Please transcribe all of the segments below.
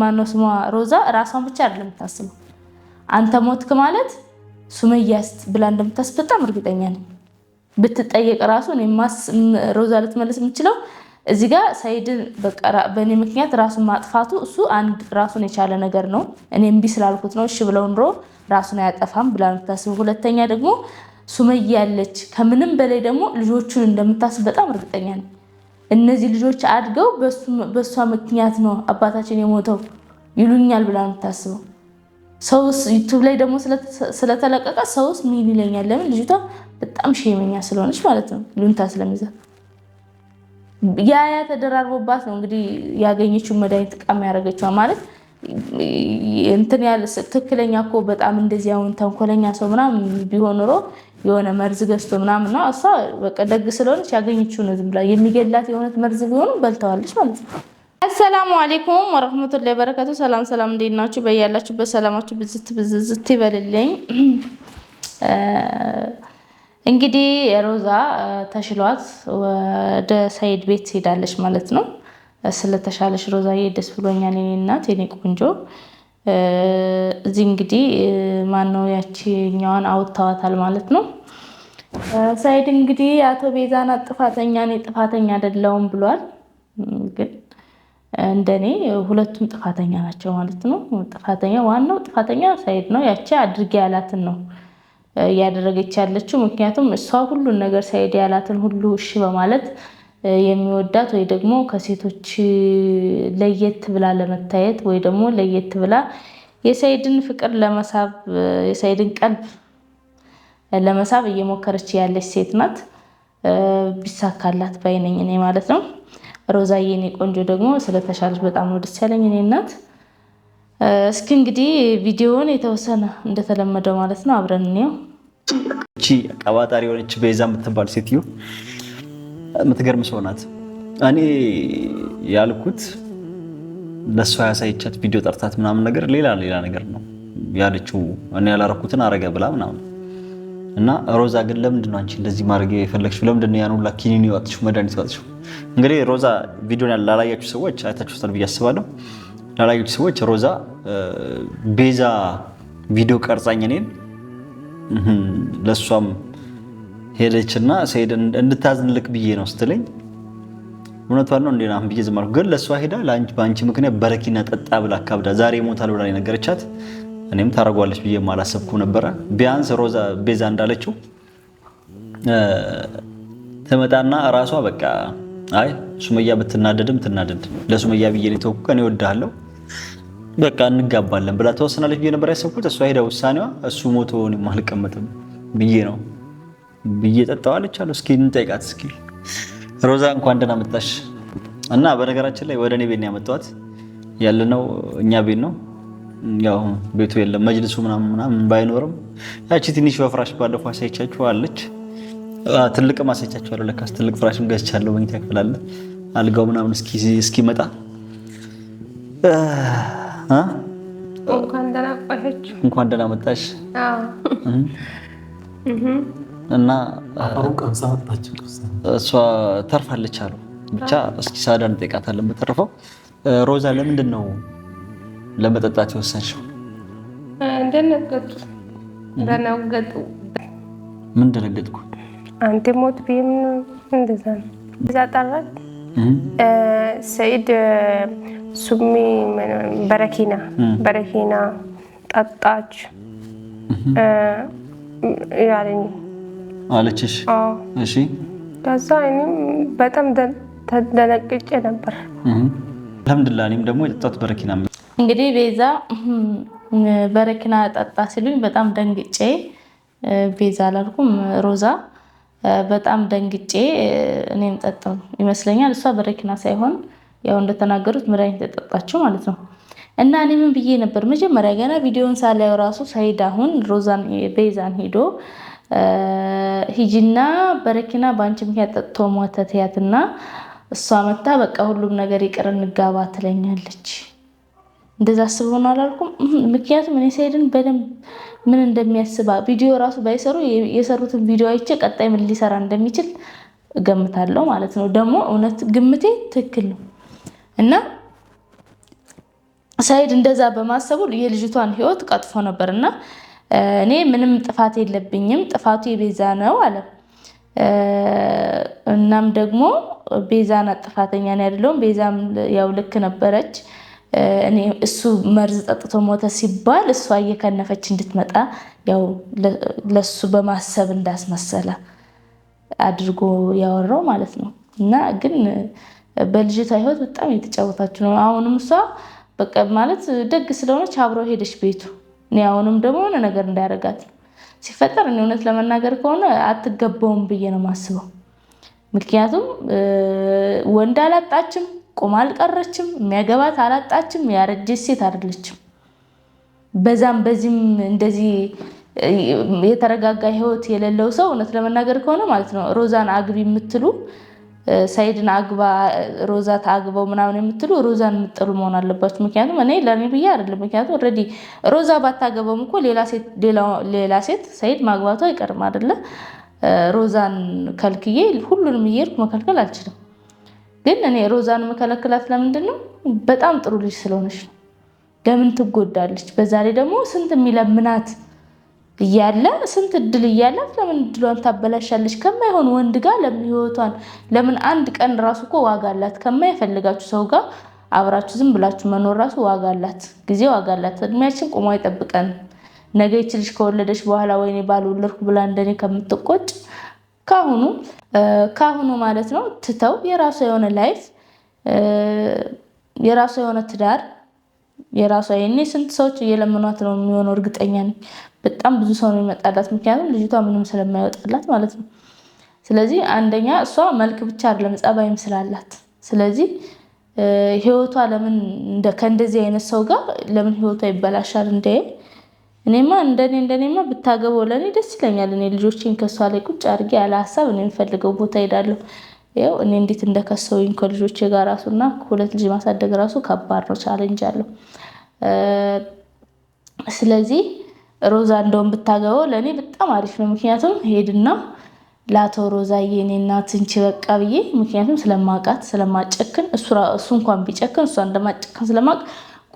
ማነው ስሟ ሮዛ ራሷን ብቻ አይደለም የምታስበው። አንተ ሞትክ ማለት ሱመያስ ብላ እንደምታስብ በጣም እርግጠኛ ነኝ። ብትጠየቅ ራሱ ሮዛ ልትመለስ የምችለው እዚህ ጋር ሰይድን በእኔ ምክንያት ራሱን ማጥፋቱ እሱ አንድ ራሱን የቻለ ነገር ነው። እኔ እምቢ ስላልኩት ነው እሺ ብለው ኑሮ ራሱን አያጠፋም ብላ ነው የምታስበው። ሁለተኛ ደግሞ ሱመያ ያለች ከምንም በላይ ደግሞ ልጆቹን እንደምታስብ በጣም እርግጠኛ ነው። እነዚህ ልጆች አድገው በእሷ ምክንያት ነው አባታችን የሞተው ይሉኛል ብላ ነው የምታስበው። ሰውስ ዩቱብ ላይ ደግሞ ስለተለቀቀ ሰውስ ምን ይለኛል? ለምን ልጅቷ በጣም ሸመኛ ስለሆነች ማለት ነው፣ ሉንታ ስለሚዛ ያ ያ ተደራርቦባት ነው እንግዲህ ያገኘችው መድኃኒት ቃም ያደረገችዋ ማለት እንትን ያለ ትክክለኛ እኮ በጣም እንደዚህ አሁን ተንኮለኛ ሰው ምናምን ቢሆን ኖሮ የሆነ መርዝ ገዝቶ ምናምን ነው። እሷ በቃ ደግ ስለሆነች ያገኘችው ነው ዝም ብላ የሚገላት የሆነ መርዝ ቢሆኑ በልተዋለች ማለት ነው። አሰላሙ አሌይኩም ወረህመቱላሂ በረካቱ። ሰላም ሰላም፣ እንዴት ናችሁ? በያላችሁበት ሰላማችሁ ብዝት ብዝዝት ይበልልኝ። እንግዲህ ሮዛ ተሽሏት ወደ ሰይድ ቤት ትሄዳለች ማለት ነው። ስለተሻለች ሮዛዬ ደስ ብሎኛል የኔ እናት የኔ ቆንጆ። እዚህ እንግዲህ ማነው ያችኛዋን አውጥተዋታል ማለት ነው። ሳይድ እንግዲህ አቶ ቤዛና ጥፋተኛ እኔ ጥፋተኛ አይደለሁም ብሏል። ግን እንደኔ ሁለቱም ጥፋተኛ ናቸው ማለት ነው። ጥፋተኛ ዋናው ጥፋተኛ ሳይድ ነው። ያቺ አድርጌ ያላትን ነው እያደረገች ያለችው። ምክንያቱም እሷ ሁሉን ነገር ሳይድ ያላትን ሁሉ እሺ በማለት የሚወዳት ወይ ደግሞ ከሴቶች ለየት ብላ ለመታየት ወይ ደግሞ ለየት ብላ የሳይድን ፍቅር ለመሳብ የሳይድን ቀልብ ለመሳብ እየሞከረች ያለች ሴት ናት። ቢሳካላት ባይነኝ እኔ ማለት ነው። ሮዛዬ የኔ ቆንጆ ደግሞ ስለተሻለች በጣም ነው ደስ ያለኝ እኔ እናት። እስኪ እንግዲህ ቪዲዮውን የተወሰነ እንደተለመደው ማለት ነው አብረን እንየው። እቺ ቀባጣሪ የሆነች ቤዛ የምትባል ሴትዮ የምትገርም ሰው ናት። እኔ ያልኩት ለእሷ ያሳየቻት ቪዲዮ ጠርታት ምናምን ነገር ሌላ ሌላ ነገር ነው ያለችው። እኔ ያላረኩትን አረገ ብላ ምናምን እና ሮዛ ግን ለምንድን ነው አንቺ እንደዚህ ማድረግ የፈለግሽው? ለምንድን ነው ያን ሁላ ኪኒን ይዋጥሽው መድኃኒት እንግዲህ ሮዛ ቪዲዮን ላላያችሁ ሰዎች አይታችሁታል ብዬ አስባለሁ። ላላያችሁ ሰዎች ሮዛ ቤዛ ቪዲዮ ቀርጻኝ እኔን ለእሷም ሄደች እና ሰኢድ እንድታዝንልክ ብዬ ነው ስትለኝ እውነቷ ነው እንዴና ብዬ ዝም ግን ለእሷ ሄዳ በአንቺ ምክንያት በረኪና ጠጣ ብላ አካብዳ ዛሬ ሞታል ብላ ነገረቻት። እኔም ታደርጓለች ብዬ አላሰብኩም ነበረ። ቢያንስ ሮዛ ቤዛ እንዳለችው ትመጣና እራሷ በቃ አይ ሱመያ ብትናደድም ትናደድ ለሱመያ ብዬ ነው የተወኩ ቀን እወድሃለሁ በቃ እንጋባለን ብላ ተወሰናለች ብዬ ነበር ያሰብኩት። እሷ ሄዳ ውሳኔዋ እሱ ሞቶ እኔም አልቀመጥም ብዬ ነው ብዬ ጠጣዋለች አለ። እስኪ እንጠይቃት እስኪ ሮዛ እንኳን ደህና መጣሽ። እና በነገራችን ላይ ወደ እኔ ቤት ነው ያመጣኋት ያለነው እኛ ቤት ነው ያው ቤቱ የለም መጅልሱ ምናምን ምናምን ባይኖርም ያቺ ትንሽ በፍራሽ ባለፈው አሳይቻችኋለች። ትልቅም አሳይቻችኋለሁ። ለካስ ትልቅ ፍራሽም ገዝቻለሁ። መኝታ ክፍል አለ። አልጋው ምናምን እስኪመጣ እንኳን ደህና መጣሽ እና እሷ ተርፋለች አሉ። ብቻ እስኪ ሳዳን እንጠይቃታለን። በተረፈው ሮዛ ለምንድን ነው ለመጠጣት የወሰንሽው? እንደነገጡ እንደነገጡ ምን ደነገጥኩ? አንተ ሞት ቢም እንደዛ ነው። እዛ ጠራኝ ሰይድ ሱሚ በረኪና በረኪና ጠጣች ያለኝ አለችሽ? እሺ። ከዛ እኔም በጣም ተደነቅጬ ነበር። አልሐምዱሊላህ እኔም ደግሞ የጠጣሁት በረኪና እንግዲህ ቤዛ በረኪና ጠጣ ሲሉኝ በጣም ደንግጬ ቤዛ አላልኩም፣ ሮዛ በጣም ደንግጬ እኔም ጠጣው ይመስለኛል። እሷ በረኪና ሳይሆን ያው እንደተናገሩት መድኃኒት የጠጣችው ማለት ነው። እና እኔ ምን ብዬ ነበር መጀመሪያ ገና ቪዲዮን ሳላየው ራሱ ሳይድ አሁን ሮዛን ቤዛን ሄዶ ሂጂና በረኪና በአንቺ ምክንያት ጠጥቶ ሞተ ትያትና እሷ መታ በቃ ሁሉም ነገር ይቅር እንጋባ ትለኛለች እንደዛ አስበው ነው አላልኩም። ምክንያቱም እኔ ሰኢድን በደንብ ምን እንደሚያስባ ቪዲዮ ራሱ ባይሰሩ የሰሩትን ቪዲዮ አይቼ ቀጣይ ምን ሊሰራ እንደሚችል እገምታለሁ ማለት ነው። ደግሞ እውነት ግምቴ ትክክል ነው እና ሳይድ እንደዛ በማሰቡ የልጅቷን ህይወት ቀጥፎ ነበር እና እኔ ምንም ጥፋት የለብኝም ጥፋቱ የቤዛ ነው አለ። እናም ደግሞ ቤዛን ጥፋተኛ ነው ያደለውም ቤዛም ያው ልክ ነበረች እሱ መርዝ ጠጥቶ ሞተ ሲባል እሷ እየከነፈች እንድትመጣ ያው ለሱ በማሰብ እንዳስመሰለ አድርጎ ያወራው ማለት ነው። እና ግን በልጅቷ ህይወት በጣም የተጫወታችሁ ነው። አሁንም እሷ በቃ ማለት ደግ ስለሆነች አብረው ሄደች ቤቱ። እኔ አሁንም ደግሞ ሆነ ነገር እንዳያደርጋት ነው ሲፈጠር። እኔ እውነት ለመናገር ከሆነ አትገባውም ብዬ ነው የማስበው። ምክንያቱም ወንድ አላጣችም ቆማ አልቀረችም። የሚያገባት አላጣችም። ያረጀች ሴት አይደለችም። በዛም በዚህም እንደዚህ የተረጋጋ ህይወት የሌለው ሰው እውነት ለመናገር ከሆነ ማለት ነው ሮዛን አግቢ የምትሉ ሳይድን አግባ ሮዛ ታግበው ምናምን የምትሉ ሮዛን የምትጠሉ መሆን አለባችሁ። ምክንያቱም እኔ ለእኔ ብዬ አይደለም። ምክንያቱም ኦልሬዲ ሮዛ ባታገበውም እኮ ሌላ ሴት ሳይድ ማግባቱ አይቀርም አይደለ? ሮዛን ከልክዬ ሁሉንም እየሄድኩ መከልከል አልችልም። ግን እኔ ሮዛን መከለክላት ለምንድን ነው? በጣም ጥሩ ልጅ ስለሆነች ነው። ለምን ትጎዳለች? በዛ ላይ ደግሞ ስንት የሚለምናት እያለ ስንት እድል እያላት ለምን እድሏን ታበላሻለች? ከማይሆን ወንድ ጋር ለምን ህይወቷን ለምን አንድ ቀን ራሱ እኮ ዋጋ አላት። ከማይፈልጋችሁ ሰው ጋር አብራችሁ ዝም ብላችሁ መኖር ራሱ ዋጋ አላት። ጊዜ ዋጋ አላት። እድሜያችን ቁሞ አይጠብቀን። ነገ ይች ልጅ ከወለደች በኋላ ወይኔ ባልወለድኩ ብላ እንደኔ ከምትቆጭ ካሁኑ ካሁኑ ማለት ነው ትተው የራሷ የሆነ ላይፍ የራሷ የሆነ ትዳር የራሷ የኔ ስንት ሰዎች እየለመኗት ነው የሚሆነው። እርግጠኛ ነኝ በጣም ብዙ ሰው ነው የሚመጣላት፣ ምክንያቱም ልጅቷ ምንም ስለማይወጣላት ማለት ነው። ስለዚህ አንደኛ እሷ መልክ ብቻ አይደለም ጸባይም ስላላት፣ ስለዚህ ህይወቷ ለምን ከእንደዚህ አይነት ሰው ጋር ለምን ህይወቷ ይበላሻል እንደ እኔማ እንደኔ እንደኔማ ብታገባው ለእኔ ደስ ይለኛል። እኔ ልጆቼን ከሷ ላይ ቁጭ አድርጌ ያለ ሀሳብ እኔ የምፈልገው ቦታ ሄዳለሁ። ይኸው እኔ እንዴት እንደከሰውኝ ከልጆቼ ጋር ራሱ እና ሁለት ልጅ ማሳደግ ራሱ ከባድ ነው፣ ቻለንጅ አለው። ስለዚህ ሮዛ እንደውም ብታገበው ለእኔ በጣም አሪፍ ነው። ምክንያቱም ሄድና ለአቶ ሮዛዬ እኔ እናት እንቺ በቃ ብዬ ምክንያቱም ስለማውቃት ስለማጨክን እሱ እንኳን ቢጨክን እሷ እንደማጨክን ስለማውቅ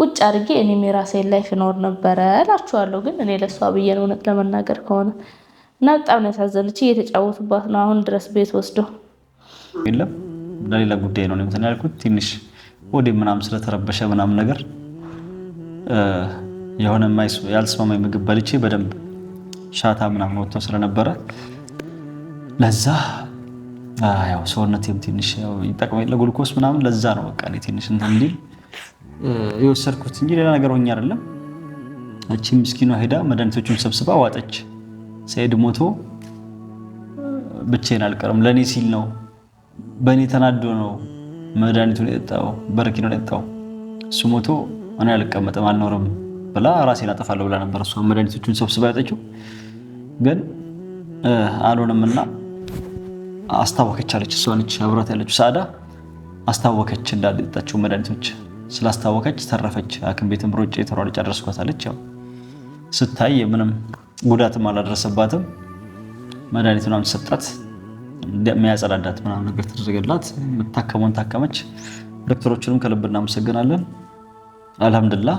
ቁጭ አድርጌ እኔም የራሴን ላይፍ እኖር ነበረ እላችኋለሁ። ግን እኔ ለእሷ ብዬ ነው እውነት ለመናገር ከሆነ እና በጣም ነው ያሳዘነች። እየተጫወቱባት ነው አሁን ድረስ ቤት ወስዶ የለም ለሌላ ጉዳይ ነው እንትን ያልኩት ትንሽ ወዴ ምናምን ስለተረበሸ ምናምን ነገር የሆነ ያልስማማኝ ምግብ በልቼ በደንብ ሻታ ምናምን ወጥቶ ስለነበረ ለዛ ያው ሰውነቴም ትንሽ ይጠቅመኝ ለጉልኮስ ምናምን ለዛ ነው በቃ ትንሽ እንትን እንዲል የወሰድኩት እንጂ ሌላ ነገር ሆኜ አይደለም። እቺ ምስኪኗ ሄዳ መድኃኒቶቹን ሰብስባ ዋጠች። ሰኢድ ሞቶ ብቻዬን አልቀርም። ለእኔ ሲል ነው፣ በእኔ ተናዶ ነው መድኃኒቱን የጠጣው፣ በረኪናውን የጠጣው። እሱ ሞቶ እኔ አልቀመጥም፣ አልኖርም ብላ ራሴን አጠፋለሁ ብላ ነበር እሷ መድኃኒቶቹን ሰብስባ ያጠችው። ግን አልሆነምና አስታወከች አለች። እሷ ነች አብራት ያለችው ሰአዳ አስታወከች እንዳልጠጣቸው መድኃኒቶች ስላስታወቀች ተረፈች። ሐኪም ቤትም ሮጬ ተሯርጬ አደረስኳታለች። ያው ስታይ ምንም ጉዳትም አላደረሰባትም። መድኃኒቱን አምሰጣት የሚያጸዳዳት ምናምን ነገር ተደረገላት። የምታከመውን ታከመች። ዶክተሮችንም ከልብ እናመሰግናለን። አልሐምድላ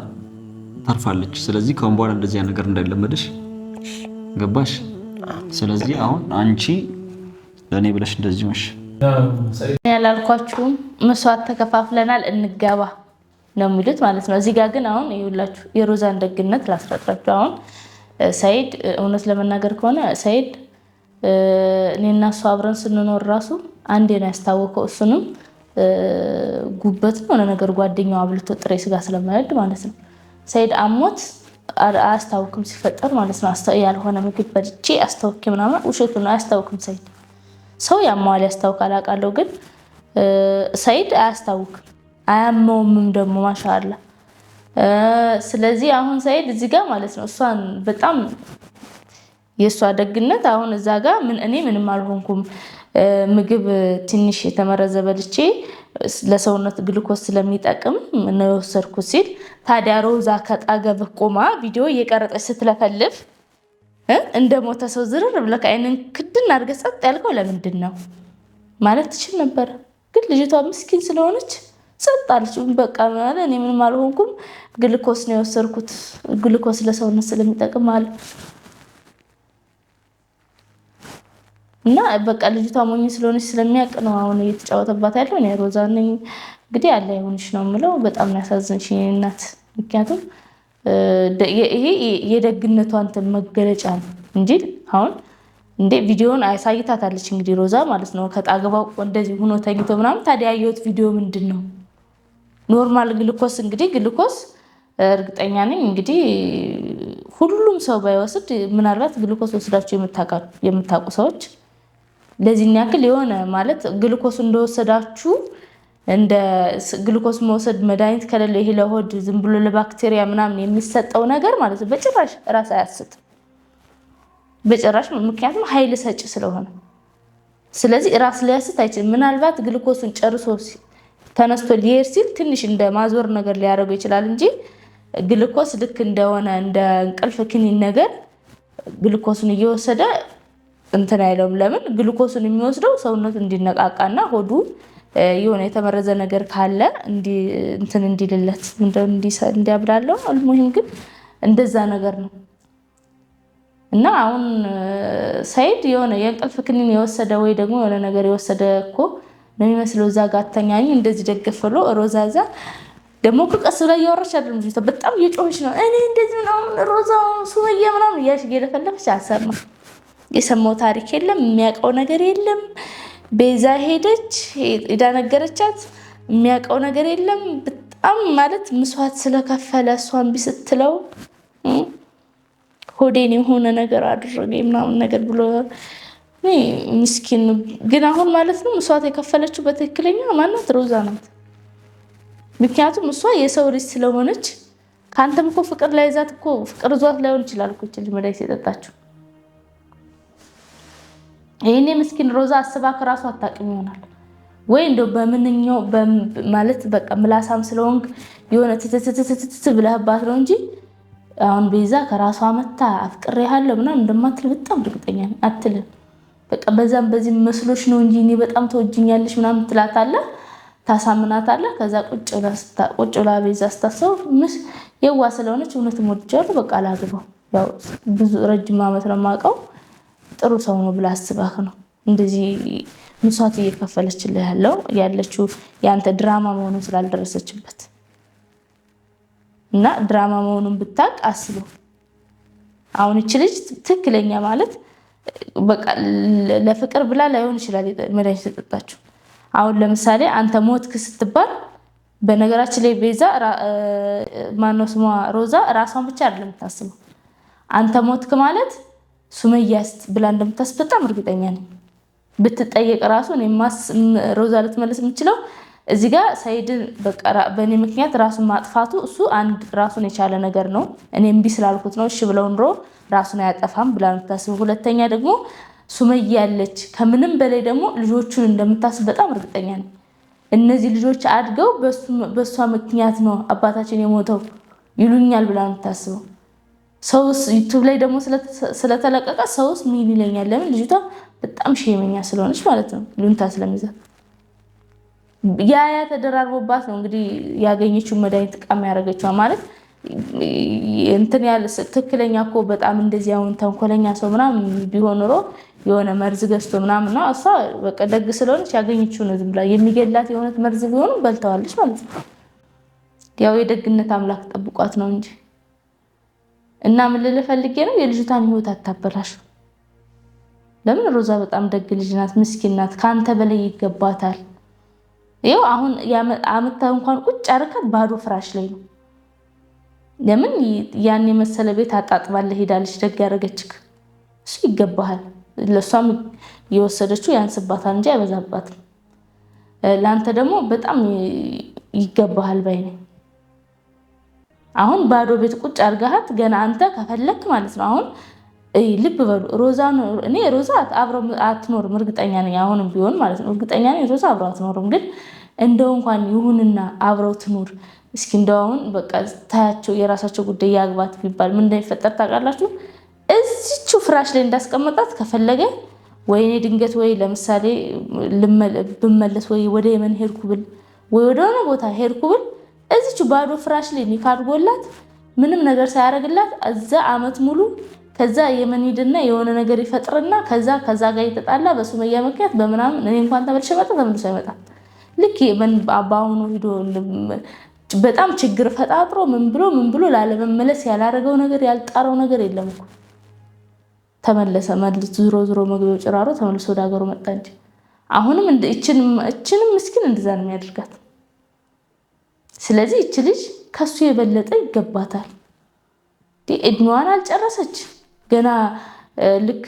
ተርፋለች። ስለዚህ ከሁን በኋላ እንደዚያ ነገር እንዳይለመድሽ ገባሽ? ስለዚህ አሁን አንቺ ለእኔ ብለሽ እንደዚህ ሆንሽ። ያላልኳችሁም መስዋዕት ተከፋፍለናል፣ እንገባ ነው የሚሉት ማለት ነው። እዚህ ጋር ግን አሁን ይኸውላችሁ የሮዛን ደግነት ላስረዳችሁ። አሁን ሰይድ እውነት ለመናገር ከሆነ ሰይድ እኔና እሱ አብረን ስንኖር ራሱ አንዴ ነው ያስታወቀው። እሱንም ጉበት ነው የሆነ ነገር ጓደኛው አብልቶ ጥሬ ስጋ ስለማይወድ ማለት ነው። ሰይድ አሞት አያስታውክም ሲፈጠር ማለት ነው። ያልሆነ ምግብ በድቼ አስታውኬ ምናምን ውሸቱ ነው። አያስታውክም ሰይድ ሰው ያማዋል ያስታውቃል አውቃለሁ ግን ሰይድ አያስታውክም። አያመውምም ደግሞ ማሻአላ። ስለዚህ አሁን ሳይድ እዚህ ጋር ማለት ነው እሷን በጣም የእሷ ደግነት አሁን እዛ ጋር ምን እኔ ምንም አልሆንኩም፣ ምግብ ትንሽ የተመረዘ በልቼ ለሰውነት ግልኮስ ስለሚጠቅም ነው የወሰድኩት ሲል፣ ታዲያ ሮዛ ከጣገብ ቆማ ቪዲዮ እየቀረጠች ስትለፈልፍ እንደ ሞተ ሰው ዝርር ብለህ አይንን ክድን አድርገህ ጸጥ ያልከው ለምንድን ነው ማለት ትችል ነበረ። ግን ልጅቷ ምስኪን ስለሆነች ሰጣለች። በቃ እኔ ምንም አልሆንኩም፣ ግልኮስ ነው የወሰድኩት። ግልኮስ ለሰውነት ስለሚጠቅም አለ እና በቃ ልጅቷ ሞኝ ስለሆነች ስለሚያውቅ ነው አሁን እየተጫወተባት ያለው። እኔ ሮዛ ነኝ እንግዲህ አለ ይሁንሽ ነው የምለው። በጣም ነው ያሳዘንሽ እናት። ምክንያቱም ይሄ የደግነቷ እንትን መገለጫ ነው እንጂ አሁን እንዴ ቪዲዮውን አሳይታታለች እንግዲህ ሮዛ ማለት ነው ከጣግባው እንደዚህ ሆኖ ተኝቶ ምናምን። ታዲያ ያየሁት ቪዲዮ ምንድን ነው? ኖርማል ግልኮስ እንግዲህ ግልኮስ እርግጠኛ ነኝ እንግዲህ ሁሉም ሰው ባይወስድ ምናልባት ግልኮስ ወስዳችሁ የምታውቁ ሰዎች ለዚህን ያክል የሆነ ማለት ግልኮስ እንደወሰዳችሁ እንደ ግልኮስ መውሰድ መድኃኒት ከሌለ ይሄ ለሆድ ዝም ብሎ ለባክቴሪያ ምናምን የሚሰጠው ነገር ማለት ነው በጭራሽ ራስ አያስትም በጭራሽ ምክንያቱም ኃይል ሰጪ ስለሆነ ስለዚህ ራስ ሊያስት አይችልም ምናልባት ግልኮሱን ጨርሶ ተነስቶ ሊሄድ ሲል ትንሽ እንደ ማዞር ነገር ሊያደርገው ይችላል እንጂ ግልኮስ ልክ እንደሆነ እንደ እንቅልፍ ክኒን ነገር ግልኮሱን እየወሰደ እንትን አይለውም። ለምን ግልኮሱን የሚወስደው ሰውነቱ እንዲነቃቃና ሆዱ የሆነ የተመረዘ ነገር ካለ እንትን እንዲልለት እንዲያብላለው። አልሙሂም ግን እንደዛ ነገር ነው እና አሁን ሰይድ የሆነ የእንቅልፍ ክኒን የወሰደ ወይ ደግሞ የሆነ ነገር የወሰደ እኮ ነው የሚመስለው። እዛ ጋር አተኛኝ እንደዚህ ደገፍ ብሎ ሮዛ እዛ ደግሞ ከቀስ ብላ እያወራች አይደለም፣ በጣም እየጮኸች ነው። እኔ እንደዚህ ምናምን ሮዛ ሱመያ ምናምን እያለች እየለፈለፈች አልሰማ የሰማው ታሪክ የለም፣ የሚያውቀው ነገር የለም። ቤዛ ሄደች ሄዳ ነገረቻት፣ የሚያውቀው ነገር የለም። በጣም ማለት ምስዋት ስለከፈለ እሷን ቢስትለው ሆዴን የሆነ ነገር አድረገ ምናምን ነገር ብሎ ምስኪን ግን አሁን ማለት ነው መስዋዕት የከፈለችው በትክክለኛ ማናት? ሮዛ ናት። ምክንያቱም እሷ የሰው ልጅ ስለሆነች ከአንተም እኮ ፍቅር ላይ ዛት እኮ ፍቅር ዟት ላይሆን ይችላል እኮ ይችል መድኃኒት የጠጣችው ይህኔ ምስኪን ሮዛ አስባ ከራሱ አታውቅም ይሆናል ወይ እንደው በምንኛው ማለት በቃ ምላሳም ስለሆንክ የሆነ ትትትትትት ብለህባት ነው እንጂ አሁን ቤዛ ከራሷ መታ አፍቅሬሃለሁ ምናምን እንደማትል በጣም እርግጠኛ አትልም። በቃ በዛም በዚህ መስሎች ነው እንጂ እኔ በጣም ተወጅኛለሽ ምናምን ትላታለህ፣ ታሳምናታለህ። ከዛ ቁጭ ብላ ቤዛ ስታሰው ምስ የዋ ስለሆነች እውነት ወድጃለሁ በቃ ላግባው፣ ብዙ ረጅም ዓመት ነው የማውቀው ጥሩ ሰው ነው ብላ አስባህ ነው እንደዚህ ምሷት እየከፈለችልህ ያለው ያለችው የአንተ ድራማ መሆኑን ስላልደረሰችበት እና ድራማ መሆኑን ብታቅ አስበው። አሁን ይቺ ልጅ ትክክለኛ ማለት በቃ ለፍቅር ብላ ላይሆን ይችላል መድኃኒት የጠጣችው። አሁን ለምሳሌ አንተ ሞትክ ስትባል በነገራችን ላይ ቤዛ ማነው ስሟ ሮዛ ራሷን ብቻ አይደለም የምታስበው። አንተ ሞትክ ማለት ሱመያስ ብላ እንደምታስብ በጣም እርግጠኛ ነኝ። ብትጠየቅ ራሱ ሮዛ ልትመለስ የምችለው እዚ ጋ ሰይድን በእኔ ምክንያት ራሱን ማጥፋቱ እሱ አንድ ራሱን የቻለ ነገር ነው። እኔ እምቢ ስላልኩት ነው። እሺ ብለው ኑሮ ራሱን አያጠፋም ብላ የምታስብ ሁለተኛ ደግሞ ሱመያ ያለች ከምንም በላይ ደግሞ ልጆቹን እንደምታስብ በጣም እርግጠኛ ነው። እነዚህ ልጆች አድገው በእሷ ምክንያት ነው አባታችን የሞተው ይሉኛል ብላ የምታስበው። ሰውስ ዩቱብ ላይ ደግሞ ስለተለቀቀ ሰውስ ምን ይለኛል? ለምን ልጅቷ በጣም ሸመኛ ስለሆነች ማለት ነው ሉንታ ስለሚዛት ያ ያ ተደራርቦባት ነው እንግዲህ ያገኘችው መድኃኒት ቃም ያደረገችዋ ማለት እንትን ያለ ትክክለኛ እኮ በጣም እንደዚህ አሁን ተንኮለኛ ሰው ምናምን ቢሆን ኖሮ የሆነ መርዝ ገዝቶ ምናምን ነው። እሷ በቃ ደግ ስለሆነች ያገኘችው ነው ዝም ብላ። የሚገላት የሆነት መርዝ ቢሆኑ በልተዋለች ማለት ነው። ያው የደግነት አምላክ ጠብቋት ነው እንጂ እና ምን ልልህ ፈልጌ ነው የልጅቷን ህይወት አታበላሽ። ለምን ሮዛ በጣም ደግ ልጅ ናት፣ ምስኪን ናት። ከአንተ በላይ ይገባታል። ይኸው አሁን አምጥተህ እንኳን ቁጭ አድርጋት ባዶ ፍራሽ ላይ ነው። ለምን ያን የመሰለ ቤት አጣጥባለህ ሄዳለች። ደግ ያደረገችህ እሱ ይገባሃል። ለእሷም የወሰደችው ያንስባታል እንጂ አይበዛባትም። ለአንተ ደግሞ በጣም ይገባሃል ባይ ነኝ። አሁን ባዶ ቤት ቁጭ አድርጋሃት ገና አንተ ከፈለክ ማለት ነው አሁን ልብ በሉ ሮዛ እኔ ሮዛ አብረ አትኖርም፣ እርግጠኛ ነኝ። አሁንም ቢሆን ማለት ነው እርግጠኛ ነኝ ሮዛ አብረ አትኖርም። ግን እንደው እንኳን ይሁንና አብረው ትኑር እስኪ እንደው አሁን በቃ ታያቸው የራሳቸው ጉዳይ ያግባት ቢባል ምን እንደሚፈጠር ታውቃላችሁ? እዚቹ ፍራሽ ላይ እንዳስቀመጣት ከፈለገ ወይኔ ድንገት ወይ ለምሳሌ ብመለስ ወይ ወደ የመን ሄድኩ ብል ወይ ወደሆነ ቦታ ሄድኩ ብል እዚቹ ባዶ ፍራሽ ላይ ኒካ አድርጎላት ምንም ነገር ሳያደርግላት እዛ አመት ሙሉ ከዛ የመን ሂድና የሆነ ነገር ይፈጥርና ከዛ ከዛ ጋር የተጣላ በሱመያ ምክንያት በምናምን እኔ እንኳን ተመልሼ መጣ ተመልሶ ይመጣል። ልክ በአሁኑ ሂዶ በጣም ችግር ፈጣጥሮ ምን ብሎ ምን ብሎ ላለመመለስ ያላረገው ነገር ያልጣረው ነገር የለም እኮ ተመለሰ። መልስ ዝሮ ዝሮ መግቢያው ጭራሮ ተመልሶ ወደ ሀገሩ መጣ እንጂ አሁንም እችንም ምስኪን እንደዛ ነው የሚያደርጋት። ስለዚህ እች ልጅ ከሱ የበለጠ ይገባታል። እድሜዋን አልጨረሰች። ገና ልክ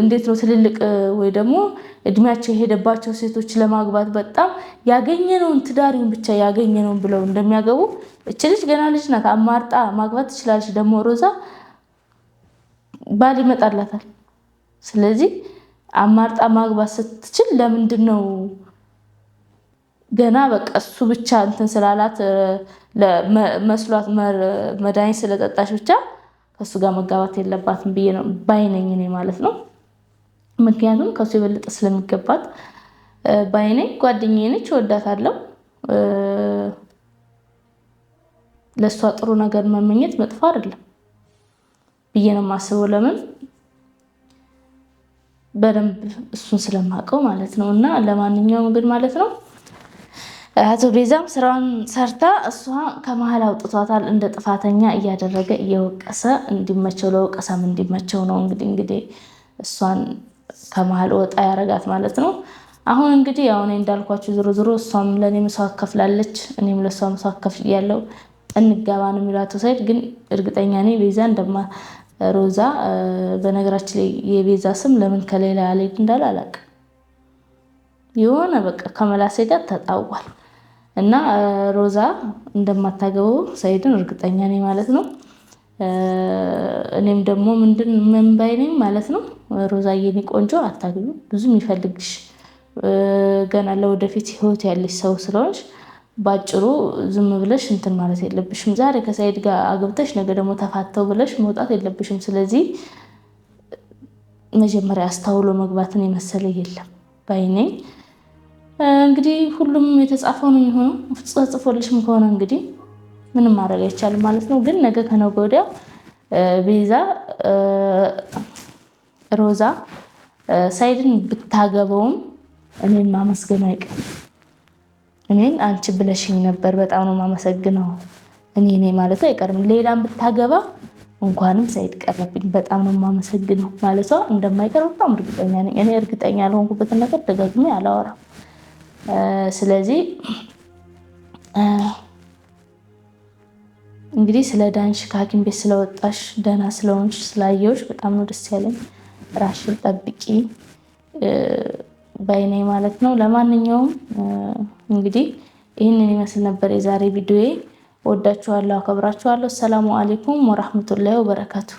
እንዴት ነው ትልልቅ ወይ ደግሞ እድሜያቸው የሄደባቸው ሴቶች ለማግባት በጣም ያገኘነውን ትዳሪውን ብቻ ያገኘነውን ብለው እንደሚያገቡ እች ልጅ ገና ልጅ ናት። አማርጣ ማግባት ትችላለች። ደግሞ ሮዛ ባል ይመጣላታል። ስለዚህ አማርጣ ማግባት ስትችል ለምንድን ነው ገና በቃ እሱ ብቻ እንትን ስላላት መስሏት መድኃኒት ስለጠጣች ብቻ ከእሱ ጋር መጋባት የለባትም ብዬ ነው ባይነኝ እኔ ማለት ነው። ምክንያቱም ከሱ የበለጠ ስለሚገባት ባይነኝ። ጓደኛዬ ነች፣ እወዳታለሁ። ለእሷ ጥሩ ነገር መመኘት መጥፎ አይደለም ብዬ ነው የማስበው። ለምን በደንብ እሱን ስለማውቀው ማለት ነው። እና ለማንኛውም ግን ማለት ነው አቶ ቤዛም ስራውን ሰርታ እሷ ከመሀል አውጥቷታል። እንደ ጥፋተኛ እያደረገ እየወቀሰ እንዲመቸው ለወቀሰም እንዲመቸው ነው እንግዲህ እንግዲህ እሷን ከመሀል ወጣ ያረጋት ማለት ነው። አሁን እንግዲህ ያው እኔ እንዳልኳችሁ ዞሮ ዞሮ እሷም ለእኔ መስዋዕት ከፍላለች፣ እኔም ለእሷ መስዋዕት ከፍ ያለው እንገባ ነው የሚለው አቶ ሳይድ። ግን እርግጠኛ እኔ ቤዛ እንደማ ሮዛ በነገራችን ላይ የቤዛ ስም ለምን ከሌላ ያሌድ እንዳለ አላውቅም። የሆነ በቃ ከመላሴ ጋር ተጣዋል። እና ሮዛ እንደማታገባው ሰይድን እርግጠኛ ነኝ ማለት ነው። እኔም ደግሞ ምንድን መንባይ ነኝ ማለት ነው። ሮዛ የኔ ቆንጆ አታግቢ፣ ብዙ የሚፈልግሽ ገና ለወደፊት ህይወት ያለሽ ሰው ስለሆንሽ ባጭሩ ዝም ብለሽ እንትን ማለት የለብሽም። ዛሬ ከሳይድ ጋር አግብተሽ ነገ ደግሞ ተፋተው ብለሽ መውጣት የለብሽም። ስለዚህ መጀመሪያ አስታውሎ መግባትን የመሰለ የለም ባይነኝ እንግዲህ ሁሉም የተጻፈው ነው የሚሆነው። ጽፎልሽም ከሆነ እንግዲህ ምንም ማድረግ አይቻልም ማለት ነው። ግን ነገ ከነገ ወዲያ ቤዛ ሮዛ ሳይድን ብታገበውም እኔን ማመስገን አይቀርም። እኔን አንቺ ብለሽኝ ነበር፣ በጣም ነው ማመሰግነው እኔ እኔ ማለቱ አይቀርም። ሌላም ብታገባ እንኳንም ሳይድ ቀረብኝ፣ በጣም ነው ማመሰግነው ማለቷ እንደማይቀር በጣም እርግጠኛ ነኝ። እኔ እርግጠኛ ያልሆንኩበትን ነገር ደጋግሜ አላወራም። ስለዚህ እንግዲህ ስለ ዳንሽ ከሐኪም ቤት ስለወጣሽ ደህና ስለሆንሽ ስላየሁሽ በጣም ነው ደስ ያለኝ። ራሽን ጠብቂ ባይኔ ማለት ነው። ለማንኛውም እንግዲህ ይህንን ይመስል ነበር የዛሬ ቪዲዮዬ። ወዳችኋለሁ፣ አከብራችኋለሁ። ሰላሙ አሌይኩም ወራህመቱላሂ ወበረካቱ።